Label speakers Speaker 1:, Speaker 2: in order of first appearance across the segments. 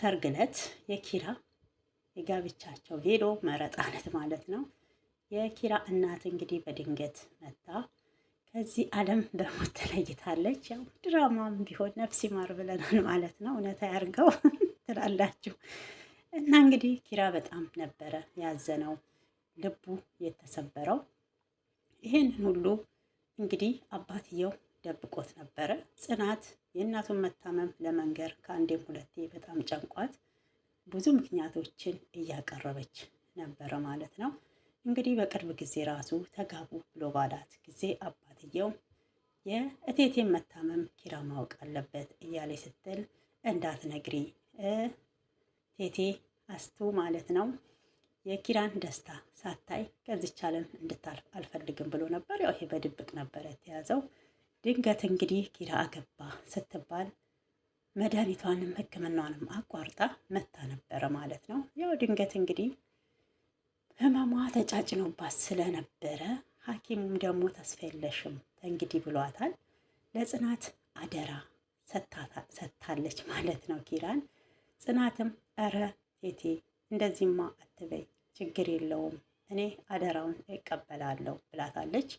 Speaker 1: ሰርግ ዕለት የኪራ የጋብቻቸው ቬሎ መረጣ ዕለት ማለት ነው። የኪራ እናት እንግዲህ በድንገት መታ ከዚህ ዓለም በሞት ተለይታለች። ያው ድራማም ቢሆን ነፍስ ይማር ብለናል ማለት ነው። እውነት ያርገው ትላላችሁ። እና እንግዲህ ኪራ በጣም ነበረ ያዘነው፣ ልቡ የተሰበረው ይህንን ሁሉ እንግዲህ አባትየው ደብቆት ነበረ። ጽናት የእናቱን መታመም ለመንገር ከአንዴም ሁለቴ በጣም ጨንቋት ብዙ ምክንያቶችን እያቀረበች ነበረ ማለት ነው። እንግዲህ በቅርብ ጊዜ ራሱ ተጋቡ ብሎ ባላት ጊዜ አባትየው የእቴቴን መታመም ኪራ ማወቅ አለበት እያለ ስትል እንዳትነግሪ ቴቴ አስቱ ማለት ነው የኪራን ደስታ ሳታይ ከዚች ዓለም እንድታልፍ አልፈልግም ብሎ ነበር። ያው ይሄ በድብቅ ነበረ የተያዘው። ድንገት እንግዲህ ኪራ አገባ ስትባል መድኃኒቷንም ሕክምናዋንም አቋርጣ መታ ነበረ ማለት ነው። ያው ድንገት እንግዲህ ህመሟ ተጫጭኖባት ስለነበረ ሐኪሙም ደግሞ ተስፋ የለሽም እንግዲህ ብሏታል። ለጽናት አደራ ሰጥታለች ማለት ነው ኪራን። ጽናትም እረ ቴቴ እንደዚህማ አትበይ፣ ችግር የለውም እኔ አደራውን እቀበላለሁ ብላታለች።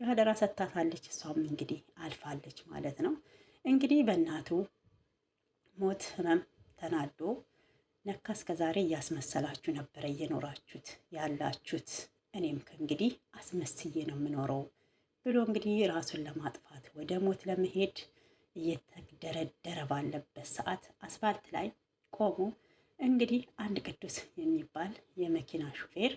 Speaker 1: የአደራ ሰጥታታለች። እሷም እንግዲህ አልፋለች ማለት ነው። እንግዲህ በእናቱ ሞት ህመም ተናዶ ነካ እስከ ዛሬ እያስመሰላችሁ ነበረ እየኖራችሁት ያላችሁት፣ እኔም ከእንግዲህ አስመስዬ ነው የምኖረው ብሎ እንግዲህ ራሱን ለማጥፋት ወደ ሞት ለመሄድ እየተደረደረ ባለበት ሰዓት አስፋልት ላይ ቆሞ እንግዲህ አንድ ቅዱስ የሚባል የመኪና ሹፌር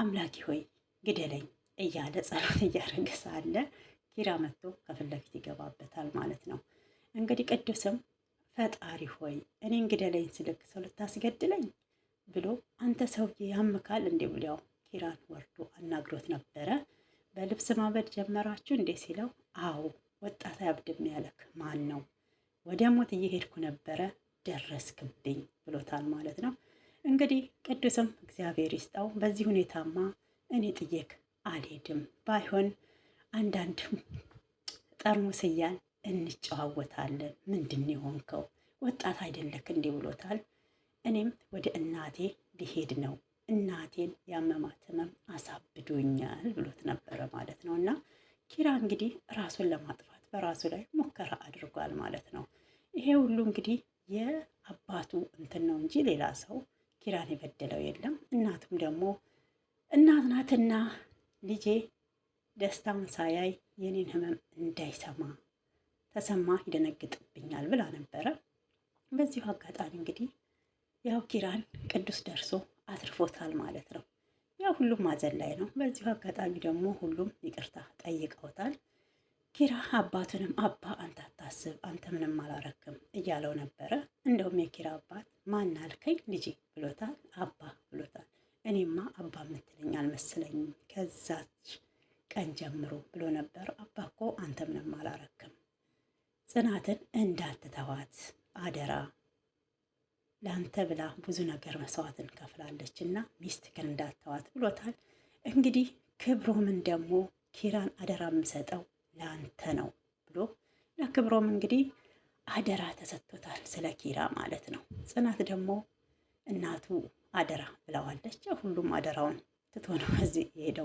Speaker 1: አምላኪ ሆይ ግደለኝ እያለ ጸሎት እያደረገ ሳለ ኪራ መጥቶ ከፊት ለፊት ይገባበታል ማለት ነው። እንግዲህ ቅዱስም ፈጣሪ ሆይ እኔ እንግደለኝ ስልክ ሰው ልታስገድለኝ ብሎ አንተ ሰውዬ ያምካል እንዴ ብለው ኪራን ወርዶ አናግሮት ነበረ። በልብስ ማበድ ጀመራችሁ እንዴ ሲለው፣ አዎ ወጣት አያብድም ያለክ ማን ነው? ወደ ሞት እየሄድኩ ነበረ ደረስክብኝ ብሎታል ማለት ነው። እንግዲህ ቅዱስም እግዚአብሔር ይስጠው በዚህ ሁኔታማ እኔ ጥዬክ አልሄድም። ባይሆን አንዳንድ ጠርሙስያን እንጨዋወታለን። ምንድን የሆንከው ወጣት አይደለክ እንዲህ ብሎታል። እኔም ወደ እናቴ ሊሄድ ነው እናቴን ያመማት ህመም አሳብዶኛል ብሎት ነበረ ማለት ነው። እና ኪራ እንግዲህ ራሱን ለማጥፋት በራሱ ላይ ሙከራ አድርጓል ማለት ነው። ይሄ ሁሉ እንግዲህ የአባቱ እንትን ነው እንጂ ሌላ ሰው ኪራን የበደለው የለም። እናቱም ደግሞ እናት ናትና ልጄ ደስታውን ሳያይ የኔን ህመም እንዳይሰማ ተሰማ ይደነግጥብኛል ብላ ነበረ። በዚሁ አጋጣሚ እንግዲህ ያው ኪራን ቅዱስ ደርሶ አትርፎታል ማለት ነው። ያው ሁሉም ማዘን ላይ ነው። በዚሁ አጋጣሚ ደግሞ ሁሉም ይቅርታ ጠይቀውታል። ኪራ አባቱንም አባ አንተ አታስብ፣ አንተ ምንም አላረክም እያለው ነበረ። እንደውም የኪራ አባት ማን አልከኝ ልጄ ብሎታል፣ አባ ብሎታል። እኔማ አባ የምትለኝ አልመሰለኝም ከዛች ቀን ጀምሮ ብሎ ነበር። አባ እኮ አንተ ምንም አላረክም፣ ጽናትን እንዳትተዋት አደራ። ለአንተ ብላ ብዙ ነገር መስዋዕትን ከፍላለች እና ሚስትክን እንዳትተዋት ብሎታል። እንግዲህ ክብሮምን ደግሞ ኪራን አደራ የምሰጠው ለአንተ ነው ብሎ ለክብሮም እንግዲህ አደራ ተሰጥቶታል፣ ስለ ኪራ ማለት ነው። ጽናት ደግሞ እናቱ አደራ ብለዋለች። ሁሉም አደራውን ትቶ ነው እዚህ የሄደው።